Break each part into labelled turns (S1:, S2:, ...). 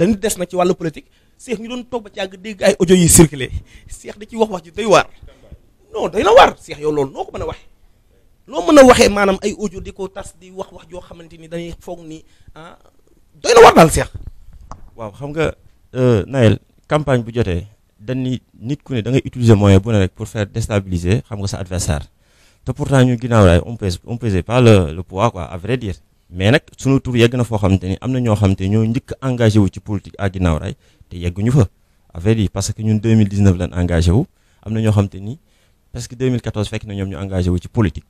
S1: dañu des nag ci wàllu politique seex ñu doon toog ba ci yàgg dégg ay audio yi circulé seex di ciy wax wax ji doy waar non doy na waar seex yow loolu noo ko mën a waxee loo mën a waxee maanaam ay audio di ko tas di wax wax joo xamante ni dañuy foog ni ah doy na waar daal seex waaw xam nga euh, Naël campagne bu jotee dañ ni nit ku ne da ngay utiliser moyen bu ne rek pour faire déstabiliser xam nga sa adversaire te pour pourtant ñu ginnaaw raay on pèse on pèse pas le le poids quoi mais nag sunu tur yegg na foo xamante ni am na ñoo xamante ñoo njëkk engagé wu ci politique à ginnaaw raay te yegguñu fa affaire yi parce que ñun deux 2019 lañ engagé wu am na ñoo xamante ni parce que 2014 fekk na ñoom ñu engagé wu ci politique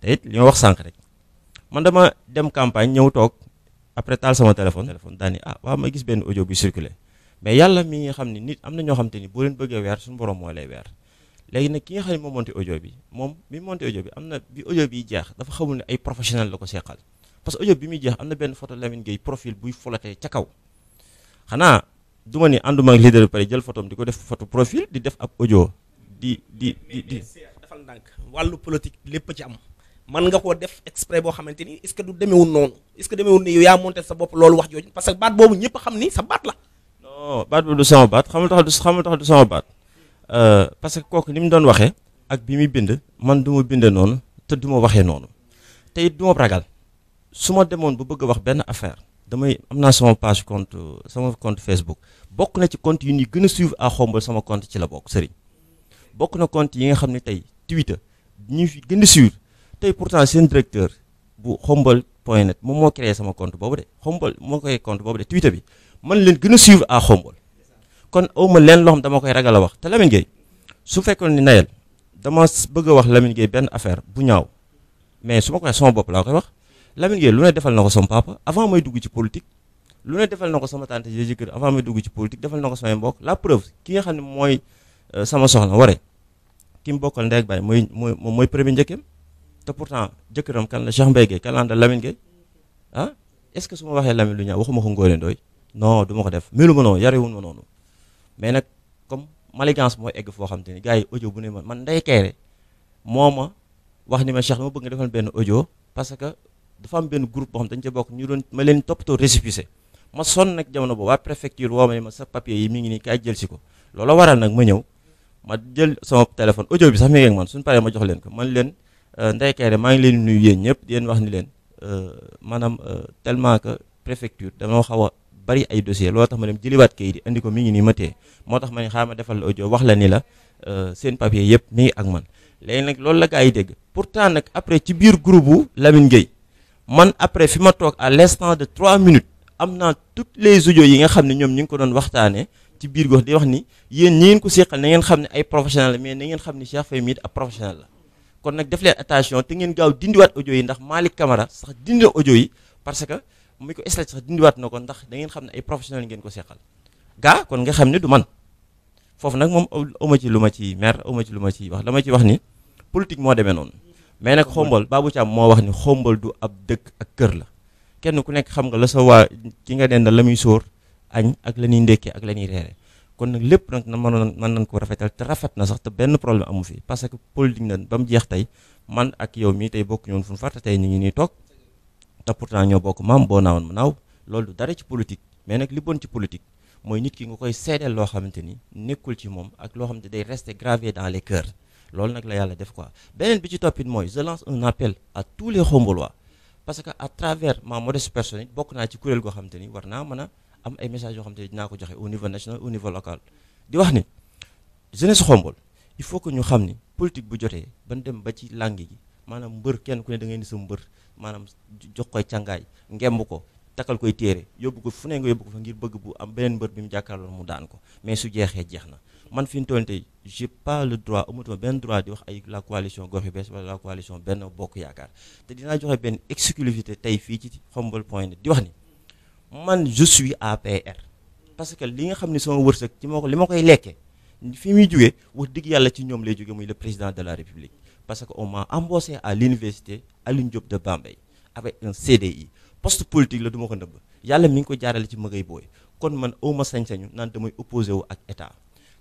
S1: te it li ma wax sànq rek man dama dem campagne ñëw toog après taal sama téléphone téléphone daani ah waaw ma gis benn audio bu circulé mais yàlla mi nga xam ne nit am na ñoo xamante ni boo leen bëggee weer suñu borom moo lay weer léegi nag ki nga xam ne moo monté audio bi moom bi monté audio bi am na bi bi jeex dafa xamul ne ay professionnel la ko seqal parce que audio bi muy jeex am na benn photo Lamine Gueye profil buy folotee ca kaw xanaa du ma ni ànduma ak leader bi pare jël photom di ko def photo profil di def ab audio di di di di. defal ndànk wàllu politique lépp ci am. man nga koo def exprès boo xamante ni est-ce que du demeewul noonu est-ce que demeewul ni yow yaa monté sa bopp loolu wax jooju parce que baat boobu ñëpp xam ni sa baat la. non baat boobu du sama baat xamul tax du xamul tax sama baat euh, parce que kooku ni mu doon waxee. ak bi muy bind man du ma bindee noonu te du ma waxee noonu te it du ma ragal. su ma demoon ba bëgg a wax benn affaire damay am naa sama page compte sama compte Facebook bokk na ci compte yu ñuy gën a suivre à xombal sama compte ci la bokk Serigne bokk na compte yi nga xam ne tey Twitter ñu fi gën a suivre tey pourtant seen directeur bu xombal point net moom moo créé sama compte boobu de xombal moo koy compte boobu de Twitter bi man leen gën a suivre à xombal kon awma leen loo xam dama koy ragal a wax te Lamine su fekkoon ni nayel dama bëgg wax Lamine benn affaire bu ñaaw mais su ma laa koy wax. Lamine Gueye lu ne defal na ko sama papa avant may dugg ci politique lu ne defal na ko sama tante ji jëkkër avant may dugg ci politique defal na ko samay mbokk la preuve ki xam ne mooy euh, sama soxna ware kii mu bokkal ndey ak baay mooy mooy moom mooy premier njëkkeem te pourtant jëkkëram kan la Cheikh Mbaye Gueye kan la àndal Lamine ah est ce que su ma waxee Lamine lu ñaaw waxuma ko Ngoné Ndoye non du ma ko def melu ma noonu yarewun ma noonu mais nag comme maligance moo egg foo xam te ni gars yi audio bu ne man man Ndeye moo ma wax ni ma Cheikh dama bëgg nga benn audio dafa am benn group boo xam dañu ca bokk ñu doon ma leen toppatoo récépissé ma sonn nag jamono boobu waa préfecture woo ma ne ma sa papier yi mi ngi nii kay jël si ko loola waral nag ma ñëw ma jël sama téléphone audio bi sax ma ngi ak man suñu paree ma jox leen ko leen euh, Ndeye Kairé ngi leen di nuyu ñëpp di wax ni leen euh, maanaam euh, tellement que préfecture dañoo xaw a bari ay dossier loolu tax ma dem jëliwaat kayit yi andi ko mi ngi nii ma téye moo tax ma ne xaaral ma defal la audio wax la ni la seen papier yëpp mu ngi ak man léegi nag loolu la gaa yi dégg pourtant nag après ci biir groupe bu Lamine Gueye man après fi ma toog à l'instant de trois minutes am naa toutes les audios yi nga xam ne ñoom ñu ngi ko doon waxtaanee ci biir gox di wax ni yéen ñi ngeen ko seqal na ngeen xam ne ay professionnel la mais na ngeen xam ne Cheikh Faye mii ab professionnel la kon nag def leen attention te ngeen gaaw dindiwaat audio yi ndax Malick Camara sax dindi audio yi parce que mu ko eslati dindiwaat na ko ndax da ngeen xam ne ay professionnel ngeen ko seqal gaa kon nga xam ne du man foofu nag moom ma ci lu ma ci mer ma ci lu ma ci wax dama ci wax ni politique moo demee noonu mais nag xombol baabu Thiam moo wax ni xombol du ab dëkk ak kër la kenn ku nekk xam nga la sa waa ki nga den la muy sóor añ ak la ñuy ndékkee ak la ñuy reere kon nag lépp nag na mënoon mën nañ ko rafetal rafet na sax te benn problème amu fi parce que politique na ba mu jeex tey man ak yow mii tey bokk ñoon fu mu fàtte tey ñu ngi nii toog te pourtant ñoo bokk maam boo naawoon ma naaw loolu du dara ci politique mais nag li bon ci politique mooy nit ki nga koy seedeel loo xamante ni nekkul ci moom ak loo xamante day rester gravé dans les cœurs loolu nag la yàlla def ko beneen bi ci toppit mooy je lance un appel à tous les Khombolois parce que à travers ma modeste personne bokk naa ci kuréel goo xam te ni war naa mën a am ay messages yoo xam te ni dinaa ko joxe au niveau national au local di wax ni jeunesse Khombole il faut que ñu xam ni politique bu jotee ban dem ba ci langue gi maanaam mbër kenn ku ne da ngay ni sa mbër maanaam jox koy càngaay ngemb ko takkal koy téere yóbbu ko fu ne nga yóbbu ko fa ngir bëgg bu am beneen mbër bi mu jàkkaarloo mu daan ko mais su jeexee jeex na man fi ñu toll tey j'ai pas le droit amatuma benn droit di wax ay la coalition gox yu bees wala la coalition benn bokk yaakaar te dinaa joxe benn exclusivité tey fii ci Khombole point net di wax ni man je suis APR parce que li nga xam ne sama wërsëg ci moo ko li ma koy lekkee fi muy jógee wax digg yàlla ci ñoom lay jógee muy le président de la république parce que on m'a embauché à l'université Alioune Diop poste politique la du ma ko nëbb yàlla mi ngi ko jaarale ci magay booy kon man awma sañ-sañu naan damay opposé ak état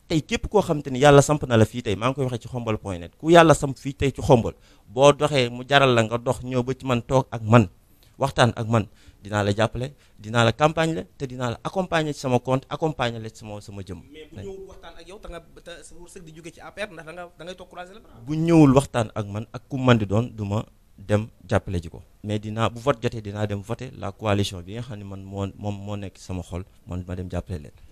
S1: tey képp koo xam te ni yàlla samp na la fii tey maa ngi ko waxee ci xombal point net ku yàlla samp fii tey ci xombal boo doxee mu jaral la nga dox ñëw ba ci man toog ak man waxtaan ak man dinaa la jàppale dinaa la campagne la te dinaa la accompagner ci sama compte accompagner la ci sama jëm. mais bu ñëwul waxtaan ak yow te nga te sa wërsëg di jóge ci APR ndax man ak ku man doon du dem jàppale ji ko mais dinaa bu vote jotee dinaa dem voter la coalition bi nga xam ne man moo moom moo nekk sama xol man ma dem jàppale leen